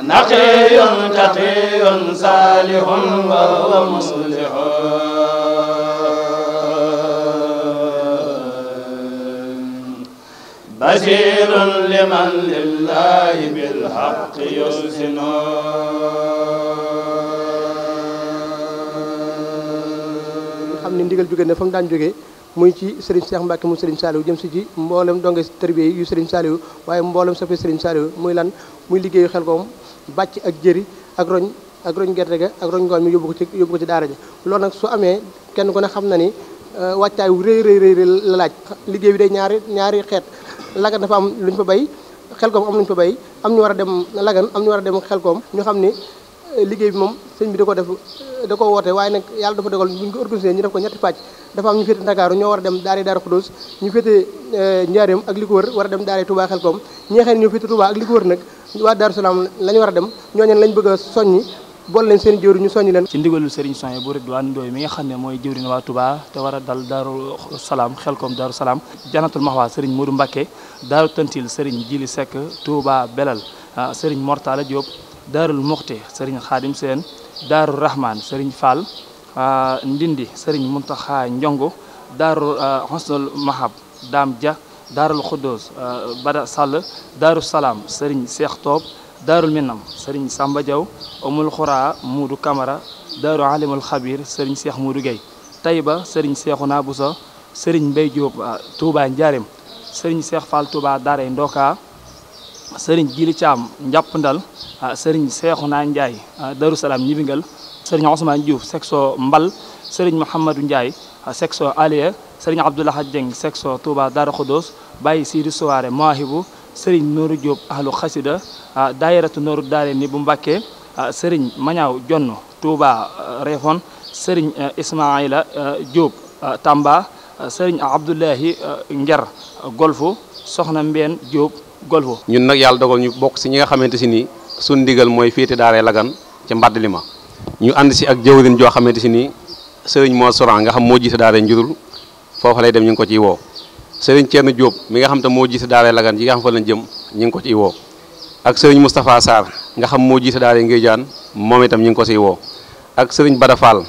نقي تقي صالح وهو مصلح بشير لمن لله بالحق يحسن xam ni ndigal jóge na fa mu daan jóge muy ci Serigne Cheikh Mbacke mu Serigne Saliou jëm si ci mboolem donge tarbiya yu Serigne Saliou waaye mboolem soppe Serigne Saliou muy lan muy liggéeyu xel koom bàcc ak jëri ak roñ ak roñ gerte ga ak roñ ngoon mi yóbbu ko ci yóbbu ci daara ji loolu nag su amee kenn ku ne xam na ni euh, wàccaay wu rëy rëy rëy la laaj liggéey bi day ñaari ñaari xeet lagan dafa am lu ñu fa bay xelkoom am lu ñu fa bay am ñu war a dem lagan am ñu war a dem xelkoom ñu xam ni liggéey bi moom sëñ bi da ko def da ko woote waaye nag yàlla dafa dogal bu ñu ko organisé ñu def ko ñetti pàcc dafa am ñu féete Ndakaaru ñoo war a dem daara Daaru Xudoos ñu féete eh, Njaaréem ak li ko wër war a dem daara Touba Xelkom ñi nga xam ne ñoo féete Touba ak li ko wër nag waa Daaru Salaam la ñu war a dem ñooñeen lañ bëgg a soññi bool seen jëwriñ ñu soññi leen ci ndigalul Serigne Sonia bu Ridwaan Ndooy mi nga xam ne mooy jëwriñ waa Touba te war a dal Daaru Salaam Xelkom Daaru Salaam Janatul Mahwa Serigne Modou Mbacké Daaru Tantil Serigne Jili Seck Touba Belal ah, Serigne Mortala Diop daarul muxti sëriñ xaadim seen daaru rahman sëriñ fall ah, ndindi sëriñ muntaxa njongo daaru xosnul ah, mahab daam dia daarul xuddoos ah, bada sàll daaru salaam sëriñ seex toob daarul minam sëriñ samba diaw amul xuraa muudu kamara daaru alimul xabir sëriñ seex muudu gay tayba sëriñ seexuna buso sëriñ mbay jóob njaarim sëriñ seex fall touba daaray ndoka sëriñ Jili Caam Njàppndal sëriñ ah, Seexuna Njaay ah, Daru Salaam Ñibingal sëriñ Ousmane Diouf section Mbal sëriñ Mouhamadou Ndiaye ah, section Aliya sëriñ Abdoulaye Dieng section Touba Darou Khoudoss Baye Sidi Souare Mahibu sëriñ Nooru Diop ahlu Xasida daayiratu Nooru Daare ni bu Mbàkke sëriñ Mañaaw Jonn Touba Refon sëriñ eh, Ismaila eh, Diop Tamba sëriñ Abdoulahi eh, Nger Golfu soxna Mbeen Diop golfo ñun nag yàlla dogal ñu bokk si ñi nga xamante si nii suñ digal mooy féete daaree lagan ca mbadd li ma ñu ànd si ak jëwrin joo xamante si nii sëriñ moo soran nga xam moo jiite daaree njurul foofa lay dem ñu ngi ko ciy woo sëriñ Thierno Diop mi nga xam te moo jiite daaree lagan yi nga xam fa lañ jëm ñu ngi ko ciy woo ak sëriñ Moustapha Sarr nga xam moo jiite daaree ngay jaan moom itam ñu ngi ko ciy woo ak sëriñ Bada Fall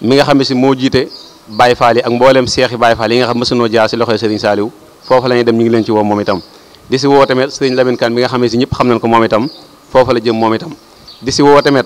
mi nga xam ne si moo jiite Baye Fall yi ak mbooleem seexi Baye Fall yi nga xam mësunoo jaar si loxoy sëriñ Saliou foofu la ñuy ci woo moom itam di si woo tamit sëriñ Lamine bi nga xam ne si ñëpp xam nañ ko moom itam foofa la jëm moom itam di si woo tamit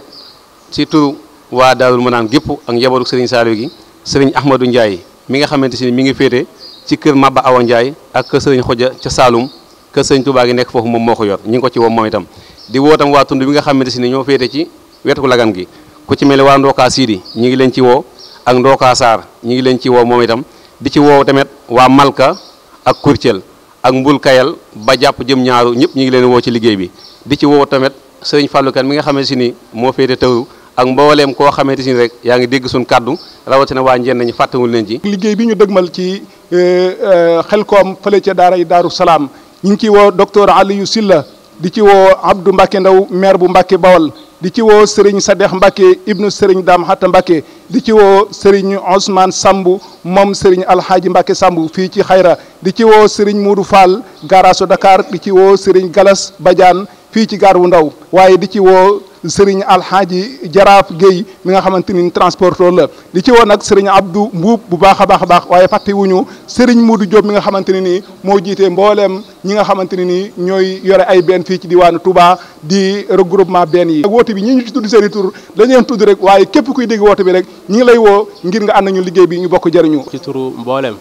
si turu waa Daarul Manaan gépp ak njabootu sëriñ Saliou gi sëriñ Ahmadou Ndiaye mi nga xamante si mi ngi féete ci kër Maba Awa Ndiaye ak kër sëriñ Xoja ca Saalum kër sëriñ Touba gi nekk foofu moom moo ko yor ñi ngi ko ci woo moom itam di woo tam waa tund bi nga xamante si ni ñoo féete ci wetu lagan gi ku ci mel ne waa Ndoka Sidi ñi ngi leen ci woo ak Ndoka Sarr ngi leen ci woo moom itam di ci woo tamit waa Malka ak Kurcel ak mbul kayal ba jàpp jëm ñaaru ñëpp ñu ngi leen woo ci liggéey bi di ci woo tamit sëriñ Fallou Kane mi nga xamante si ni moo féete tëru ak mbooleem koo xamante si ni rek yaa ngi dégg suñ kàddu rawatina waa njeen nañu fàttewul leen ci liggéey bi ñu dëgmal ci xel euh, euh, koom fële ca daara yi daaru salaam ñu ngi ci woo docteur Aliou Silla di ci woo Abdou Mbacke Ndaw maire bu Mbacke Bawal di ci woo Serigne Sadex Mbacke ibnu Serigne daam Hatta Mbacke di ci woo Serigne Ousmane Sambu moom Serigne Alhaaji Mbacke Sambu fii ci xayra di ci woo Serigne Modou gara garaasu Dakar di ci woo Serigne Galas Badiane fii ci gaar wu ndaw waaye di ci woo Serigne Alxaaji Jaraaf géey mi nga xamante ni transporteur la di ci woo nag Serigne Abdou Mbuub bu baax a baax a baax waaye fàtte wuñu Serigne Modou Diop mi nga xamante ne nii moo jiite mbooleem ñi nga xamante ne nii ñooy yore ay benn fii ci diwaanu Touba di regroupement benn yi. woote bi ñi ñu ci tudd seen tur dañu leen tudd rek waaye képp kuy dégg woote bi rek ñi ngi lay woo ngir nga ànd ñu liggéey bi ñu bokk jëriñu. ci turu mbooleem.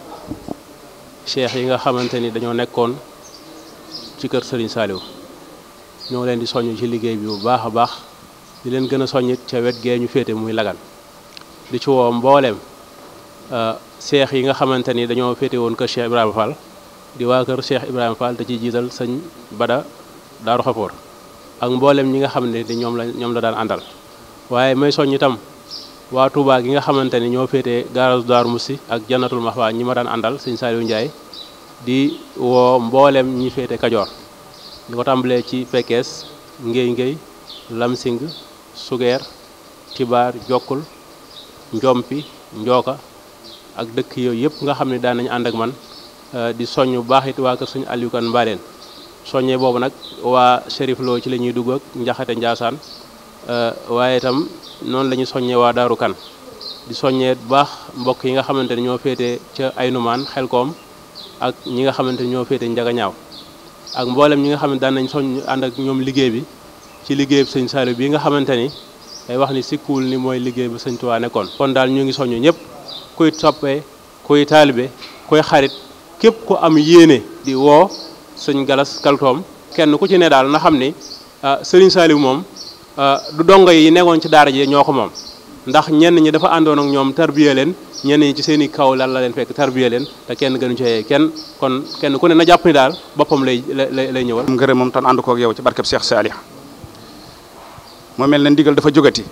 cheikh yi nga xamante ni dañoo nekkoon ci kër Serigne Saliou ñoo leen di soññ ci liggéey bi bu baax a baax di leen gën a soññit ca wet gee ñu féete muy lagan di ci woo mbooleem euh, cheikh yi nga xamante ni dañoo féete woon kër Cheikh Ibrahima Fall di waa kër seex Ibrahima Fall da ciy jiital sañ Bada Daaru Xafoor ak mbooleem ñi nga xam ne di ñoom la ñoom la daan àndal waaye may soññ itam waa tubaa gi nga xamante ni ñoo féete garage Daaru Musti ak Jannatul Mahwa ñi ma daan àndal sëñ Saliou Ndiaye di woo mbooleem ñi féete Kajoor lu ko tàmbalee ci Pekes Ngéy Ngéy Lamsing Sugeer Tibaar Jokkul Njompi Njooka ak dëkk yooyu yëpp nga xam ne daan nañu ànd ak man euh, di soññ bu baax it waa kër suñu Aliou Kan Mbaleen soññee boobu nag waa Chérif Lo ci lañuy ñuy dugg ak Njaxate Njaasaan Eh, waaye itam noonu la ñu soññee waa Daaru Kan di soññee bu baax mbokk yi nga xamante ne ñoo féete ca Aynumaan Xelkom ak ñi nga xamante ne ñoo féete Njagañaaw ak mboolem ñi nga xam ni daan nañ soññ ànd ak ñoom liggéey bi ci liggéey bi sëñ Saliou bi nga xamante ni wax ni sikkuwul ni mooy liggéey bi sëñ Tuubaa nekkoon. kon daal ñu ngi soññ ñëpp kuy soppee kuy taalibe kuy xarit képp ku am yéene di woo sëñ Galas Kaltoom kenn ku ci ne daal na xam ni ah, sëriñ Saliou moom. Euh, du dongo yi nekkoon ci daara ji ñoo ko moom ndax ñenn ñi dafa àndoon ak ñoom tarbiya leen ñenn ñi ci seen i kaw lan la leen fekk tarbiya leen te kenn gënu ci kenn kon kenn ku ne na jàpp ni daal boppam lay lay lay ñëwal. ngërëm moom tan ànd koog yow ci barkeb Cheikh Salih moo mel na ndigal dafa jógati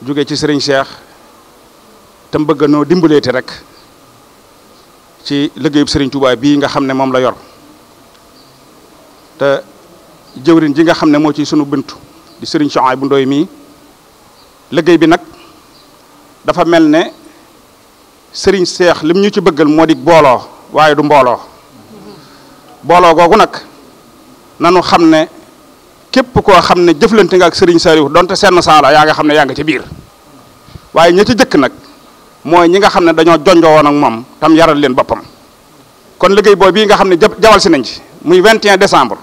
jóge ci sëriñ Cheikh te mu bëgg noo dimbaleeti rek ci liggéeyub sëriñ Touba bii nga xam ne moom la yor te. jëwriñ ji nga xam ne moo ci sunu bëntu di sëriñ Soxaay bu Ndoy mii liggéey bi nag dafa mel ne sëriñ seex lim ñu ci bëggal moo di booloo waaye du mbooloo booloo googu nag na nanu xam ne képp koo xam ne jëflante nga ak sëriñ Saliou donte senn saa la yaa nga xam ne yaa nga ci biir waaye ña ci jëkk nag mooy ñi nga xam ne dañoo jonjoo woon ak moom tam yaral leen boppam kon liggéey boobu bii nga xam ne jawal si nañ ci muy 21 decembre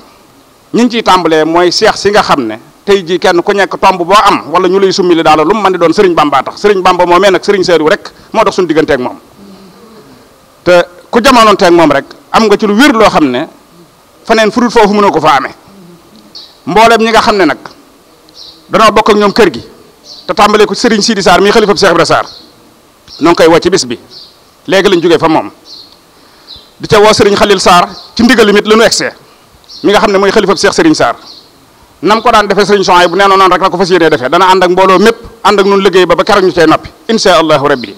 ñu ngi ciy tàmbalee mooy seex si nga xam ne tey jii kenn ku nekk tomb boo am wala ñu lay summili daala lu mu mën di doon sëriñ bamba tax sëriñ bamba moomee nag sëriñ seeriw rek moo dox suñu digganteeg moom te ku jamonoonteeg moom rek am nga ci lu wér loo xam ne faneen furut foofu mënoo ko fa amee mboolem ñi nga xam ne nag danoo bokk ak ñoom kër gi te tàmbalee ko sëriñ Sidi Sarr mii xalifab Cheikh Ibra Sarr koy woo ci bis bi léegi lañ jóge fa moom di ca woo sëriñ Khalil Sarr ci ndigal limit la ñu mi nga xam ne mooy xalifab Cheikh Serigne Sarr nam ko daan defee Serigne Souhaïbou bu nee noonu rek la ko fas yéenee defee dana ànd ak mbooloo mépp ànd ak nun liggéey ba ba keroog ñu cay noppi insha allahu rabbi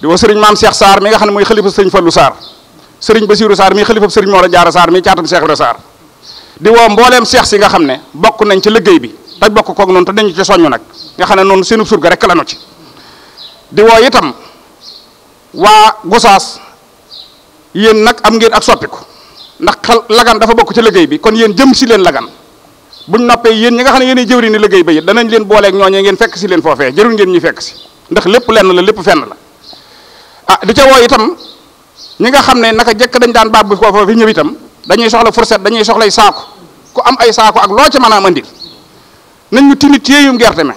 di woo maam Cheikh Sarr mi nga xam ne mooy xalifab Serigne Fallou Sarr Serigne Bassirou Sarr mi xalifab Serigne Mor a Sarr mi caatam Cheikh Ibra Sarr di woo mbooleem seex si nga xam ne bokk nañ ci liggéey bi te bokk koog noonu te dañu ci soññu nag nga xam ne noonu seenu surga rek la ñu ci di woo Gosaas yéen nag am ngeen ndax xel lagan dafa bokk ci liggéey bi kon yéen jëm si leen lagan buñ noppee yéen ñi nga xam ne yéenay jëwri ni liggéey ba yit danañ leen booleeg ñooñee ngeen fekk si leen foofee jërul ngeen ñuy fekk si ndax lépp lenn la lépp fenn la ah di ca woo itam ñi nga xam ne naka jëkk dañ daan baab bu ko foofu ñëw itam dañuy soxla fourchette dañuy soxlay saako ku am ay saako ak loo ca man a am andil nañ ñu tinit yéeyum gerte me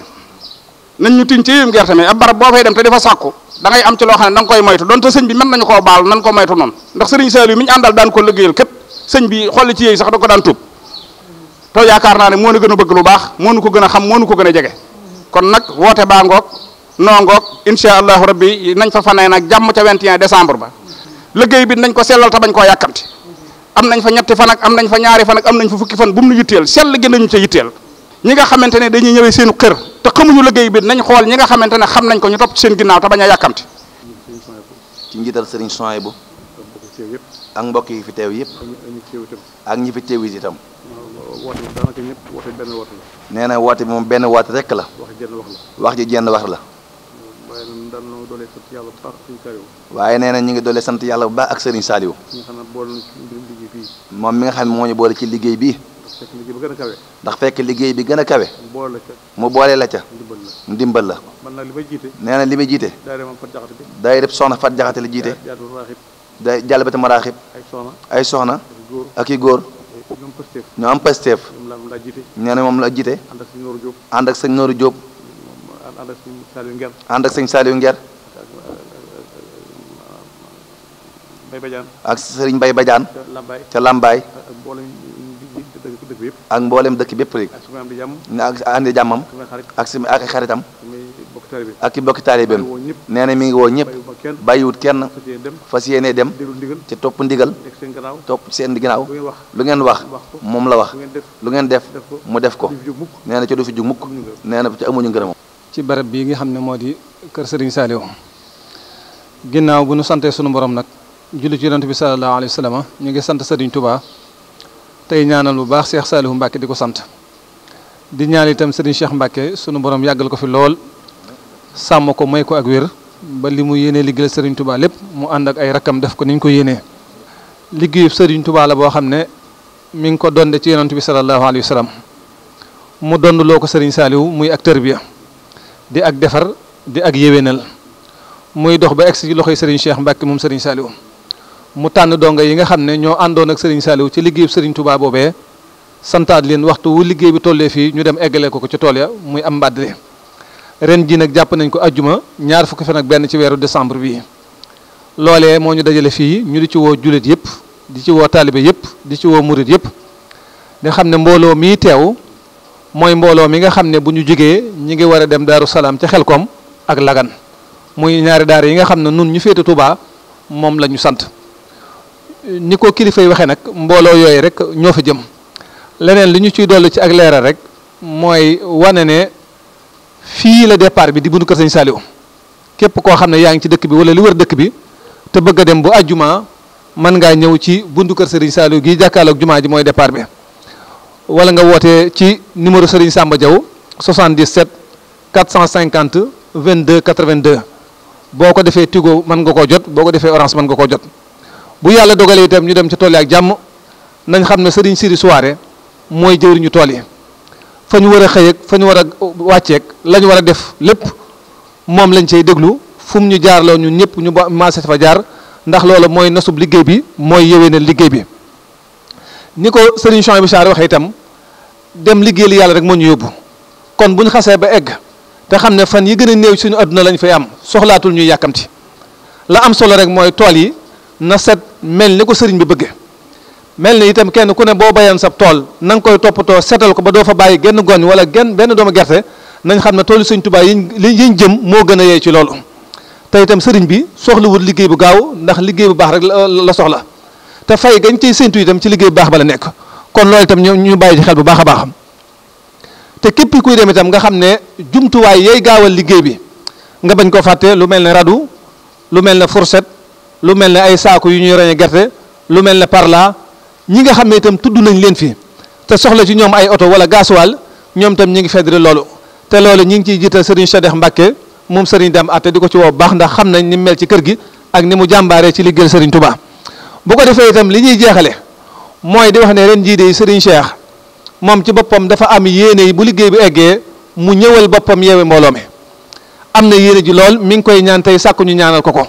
nañ ñu tin ci yéeyum gerte me a barab boo fay dem te dafa sàkku dangay am ci loo xam ne da nga koy moytu donte sëñ bi mën nañu koo baal nan ko moytu noonu ndax sëriñ Saliou mi ñu àndal daan ko liggéeyal képp sëñ bi xolli ci yooyu sax da ko daan tuub te yaakaar naa ne moo nu gën a bëgg lu baax moo nu ko gën a xam moo nu ko gën a jege kon nag woote baa ngoog noo ngoog incha allahu rabbi nañ fa fanee nag jàmm ca 21 décembre ba liggéey bi nañ ko sellal te bañ koo yàkkamti am nañ fa ñetti fan ak am nañ fa ñaari fan ak am nañ fa fukki fan bu mu nu yitteel sell gi nañu ñi nga xamante ne dañuy ñëwee seen xër te xamuñu liggéey bi nañ xool ñi nga xamante ne xam nañ ko ñu topp ci seen ginnaaw te bañ a yàkkamti ci njiital sëriñ soy bu ak mbokk yi fi teew yëpp ak ñi fi teew itam woote bi daanaka benn woote nee na woote bi moom benn woote rek la. wax ji jenn wax la. ji jenn wax la. waaye nag daal noo doole na ñu ngi doole sant yàlla bu baax ak Serigne Saliou. xam ne boole moom mi nga xam ne moo ñu boole ci liggéey bii. ndax fekk liggéey bi gën a kawe. mu boole la ca. ndimbal la. nee na li may jiite. day rëbb soxna Fat Jaxate la jiite. day jàllbati maraaxib. ay soxna. ak i góor. ñoo am pasteef. nee na moom la jiite. ànd ak sëñ Nooru Jóob. ànd ak sëñ Saaliw Nger. ànd ak sëñ Saaliw Nger. ak sëriñ Mbay Bajaan. ca Lambaay. dëkk bi yëpp ak mboolem dëkk bi yëpp rek ak andi jàmmam ak si ak xaritam ak ki bokki taalibeem nee na mi ngi woo ñëpp bàyyiwut kenn fas yéene dem ci topp ndigal topp seen ginnaaw lu ngeen wax moom la wax lu ngeen def mu def ko nee na ci du fi jug mukk nee na ci amuñu ngërëm ci barab bii nga xam ne moo di kër Serigne Saliou ginnaaw bu ñu santee sunu borom nag julli ci yonent bi sallallahu alayhi wa ñu ngi sant Serigne Touba tey ñaanal bu baax Cheikh Saliou Mbacke di ko sant di ñaan itam Serigne Cheikh Mbacke sunu borom yàggal ko fi lool sàmm ko may ko ak wér ba li mu yéenee liggéeyal Serigne Touba lépp mu ànd ak ay rakkam def ko ni ñu ko yéenee liggéeyub Serigne Touba la boo xam ne mu ngi ko donde ci yonent bi sallallahu alayhi wa sallam mu dond loo ko sëriñ Saliou muy ak tarbiya di ak defar di ak yéwénal muy dox ba egg si loxoy Serigne Cheikh Mbacke moom Serigne Saliou. mu tànn dongo yi nga xam ne ñoo àndoon ak Serigne Saliou ci liggéeyu Serigne Touba santaat leen waxtu wu liggéey bi tollee fii ñu dem eggale ko ko ci tool ya muy am mbàddale ren ji nag jàpp nañ ko ajjuma ñaar fukki fan ak benn ci weeru décembre bii loolee moo ñu dajale fii ñu di ci woo jullit yëpp di ci woo taalibe yëpp di ci woo murit yëpp nga xam ne mbooloo mii teew mooy mbooloo mi nga xam ne bu ñu jógee ñi ngi war a dem daaru salaam ca xelkom ak lagan muy ñaari daar yi nga xam ne nun ñu féete Touba moom la ñu sant ni ko kilifa yi waxee nag mbooloo yooyu rek ñoo fa jëm leneen li ñu ciy dolli ci ak leeral rek mooy wane ne fii la départ bi di buntu kër sëñ Saliou képp koo xam ne yaa ngi ci dëkk bi wala li wër dëkk bi te bëgg a dem bu àjjuma mën ngaa ñëw ci buntu kër Serigne Saliou gi jàkkaarloog jumaa ji mooy départ bi wala nga woote ci numéro Serigne Samba Diaw 77 450 22 82 boo ko defee Tigo mën nga koo jot boo ko defee Orange mën nga koo jot. bu yàlla dogalee itam ñu dem ca tool yi ak jàmm nañ xam ne sëriñ Siri Souare mooy jëwriñu tool yi fa ñu war a xëyeeg fa ñu war a wàcceeg la war a def lépp moom lañ cay déglu fu ñu jaarloo ñun ñëpp ñu maase fa jaar ndax loolu mooy nasub liggéey bi mooy yéwénal liggéey bi. ni ko sëriñ Chouaïbou Bichara waxee itam dem liggéey li yàlla rek moo ñu yóbbu kon bu xasee ba egg te xam ne fan yi gën a néew suñu àdduna lañ fay am soxlaatul ñuy yàkkamti la mel ni ko sëriñ bi bëgge mel ni itam kenn ku ne boo bayaan sab tool na nga koy toppatoo seetal ko ba doo fa bàyyi genn goñ wala genn benn doomu gerte nañ xam ne toolu sëñ Tuubaa yiñ yiñ jëm moo gën a yey ci loolu itam sëriñ bi soxlawul liggéey bu gaaw ndax liggéey bu baax rek la soxla te fay gañ ciy séntu itam ci liggéey bu baax ba la nekk kon loolu itam ñu ñu bàyyi ci xel bu baax a baaxam te képp kuy dem itam nga xam ne jumtuwaay yay gaawal liggéey bi nga bañ koo fàtte lu mel ne radu lu mel ne fourchette lu mel ne ay saako yu ñuy roñe gerte lu mel ne parla ñi nga xam ne itam tudd nañ leen fi te soxla ci ñoom ay oto wala gaasuwaal ñoom itam ñi ngi feddali loolu te loolu ñi ngi ciy jiital Serigne Cheikh Mbacke moom Serigne Dame ate di ko ci woo baax ndax xam nañ ni mel ci kër gi ak ni mu jàmbaaree ci liggéeyal Serigne Touba bu ko defee itam li ñuy jeexale mooy di wax ne ren jii de Serigne Cheikh moom ci boppam dafa am yéene yi bu liggéey bi eggee mu ñëwal boppam yeewe mbooloo mi am na yéene ji lool mi ngi koy ñaan tey ñu ñaanal ko ko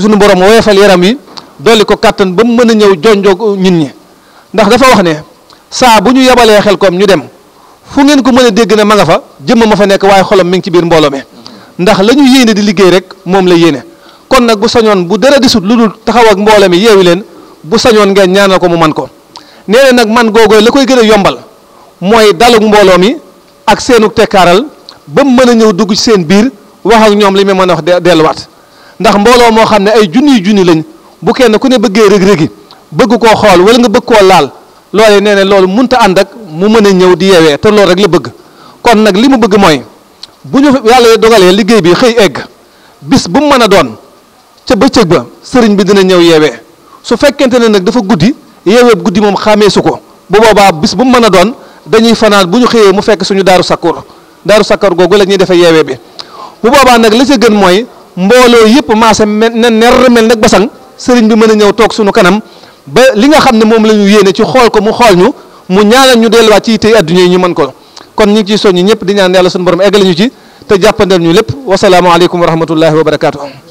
suñu borom woyofal yaram yi dolli ko kàttan ba mu mën a ñëw jonjoog ñin ñi ndax dafa wax ne saa bu ñu yabalee xel koom ñu dem fu ngeen ko mën a dégg na ma nga fa jëmm ma fa nekk waaye xolam mi ngi ci biir mbooloo mi ndax la yéene di liggéey rek moom la yéene kon nag bu sañoon bu dara disut lu dul taxaw ak mbooloo mi yeewi leen bu sañoon ngeen ñaanal ko mu man ko nee na nag man googoo la koy gën a yombal mooy dalug mbooloo mi ak seenu tekkaaral ba mu mën a ñëw dugg ci seen biir wax li mu a wax delluwaat ndax mbooloo moo xam ne ay junni junni lañ bu kenn ku ne bëggee rëg-rëgi bëgg koo xool wala nga bëgg koo laal loolee nee ne loolu munta ànd ak mu mën a ñëw di yeewee te loolu rek la bëgg kon nag li mu bëgg mooy bu ñu yàlla dogalee liggéey bi xëy egg bis bu mu mën a doon ca bëccëg ba sëriñ bi dina ñëw yeewee su fekkente ne nag dafa guddi yeeweeb guddi moom xàmmee su ko bu boobaa bis bu mu mën a doon dañuy fanaan bu ñu xëyee mu fekk suñu daaru sakkoor daaru sakkoor googu la ñuy defee yeewee bi bu boobaa nag la ca gën mooy mbooloo yëpp maase mel na ner mel nag basang sëriñ bi mën a ñëw toog sunu kanam ba li nga xam ne moom lañu ñu yéene ci xool ko mu xool ñu mu ñaanal ñu delluwaat ci tey adduna yi ñu mën ko kon ñu ngi ciy soññi ñëpp di ñaan yàlla suñu borom eggale ñu ci te jàppandal ñu lépp wasalaamaaleykum wa rahmatullahi wa barakaatu.